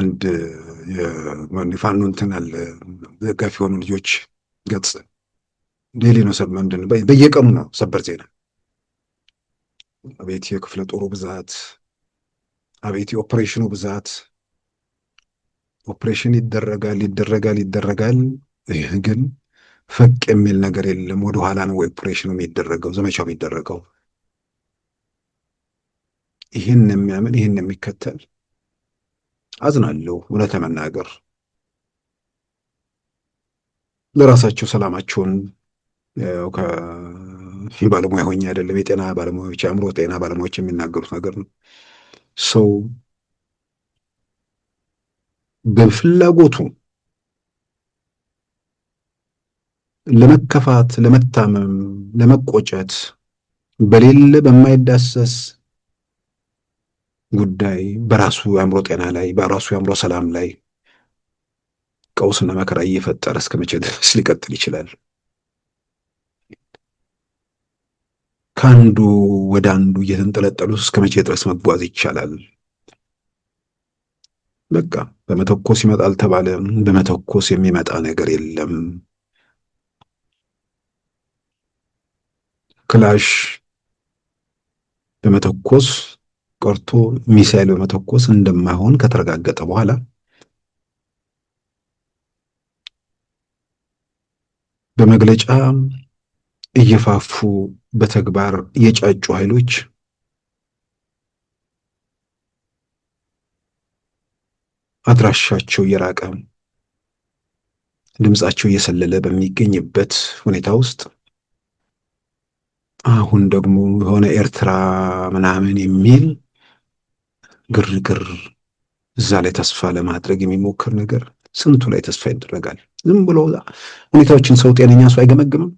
አንድ የፋኖ እንትን አለ ደጋፊ የሆኑ ልጆች ገጽ ዴሊ ነው። ምንድን በየቀኑ ነው ሰበር ዜና። አቤት የክፍለ ጦሩ ብዛት፣ አቤት የኦፕሬሽኑ ብዛት። ኦፕሬሽን ይደረጋል ይደረጋል ይደረጋል፣ ይህ ግን ፈቅ የሚል ነገር የለም። ወደኋላ ነው ኦፕሬሽኑ የሚደረገው፣ ዘመቻው የሚደረገው። ይህን የሚያምን ይህን የሚከተል አዝናለሁ። እውነት ለመናገር ለራሳቸው ሰላማቸውን ባለሙያ ሆኜ አይደለም፣ የጤና ባለሙያዎች የአእምሮ ጤና ባለሙያዎች የሚናገሩት ነገር ነው። ሰው በፍላጎቱ ለመከፋት፣ ለመታመም፣ ለመቆጨት በሌለ በማይዳሰስ ጉዳይ በራሱ የአእምሮ ጤና ላይ በራሱ የአእምሮ ሰላም ላይ ቀውስና መከራ እየፈጠረ እስከ መቼ ድረስ ሊቀጥል ይችላል? ከአንዱ ወደ አንዱ እየተንጠለጠሉ እስከ መቼ ድረስ መጓዝ ይቻላል? በቃ በመተኮስ ይመጣል ተባለ። በመተኮስ የሚመጣ ነገር የለም። ክላሽ በመተኮስ ቀርቶ ሚሳኤል በመተኮስ እንደማይሆን ከተረጋገጠ በኋላ በመግለጫ እየፋፉ በተግባር የጫጩ ኃይሎች አድራሻቸው እየራቀ ድምፃቸው እየሰለለ በሚገኝበት ሁኔታ ውስጥ አሁን ደግሞ የሆነ ኤርትራ ምናምን የሚል ግርግር፣ እዛ ላይ ተስፋ ለማድረግ የሚሞክር ነገር ስንቱ ላይ ተስፋ ይደረጋል። ዝም ብሎ ሁኔታዎችን ሰው ጤነኛ ሰው አይገመግምም።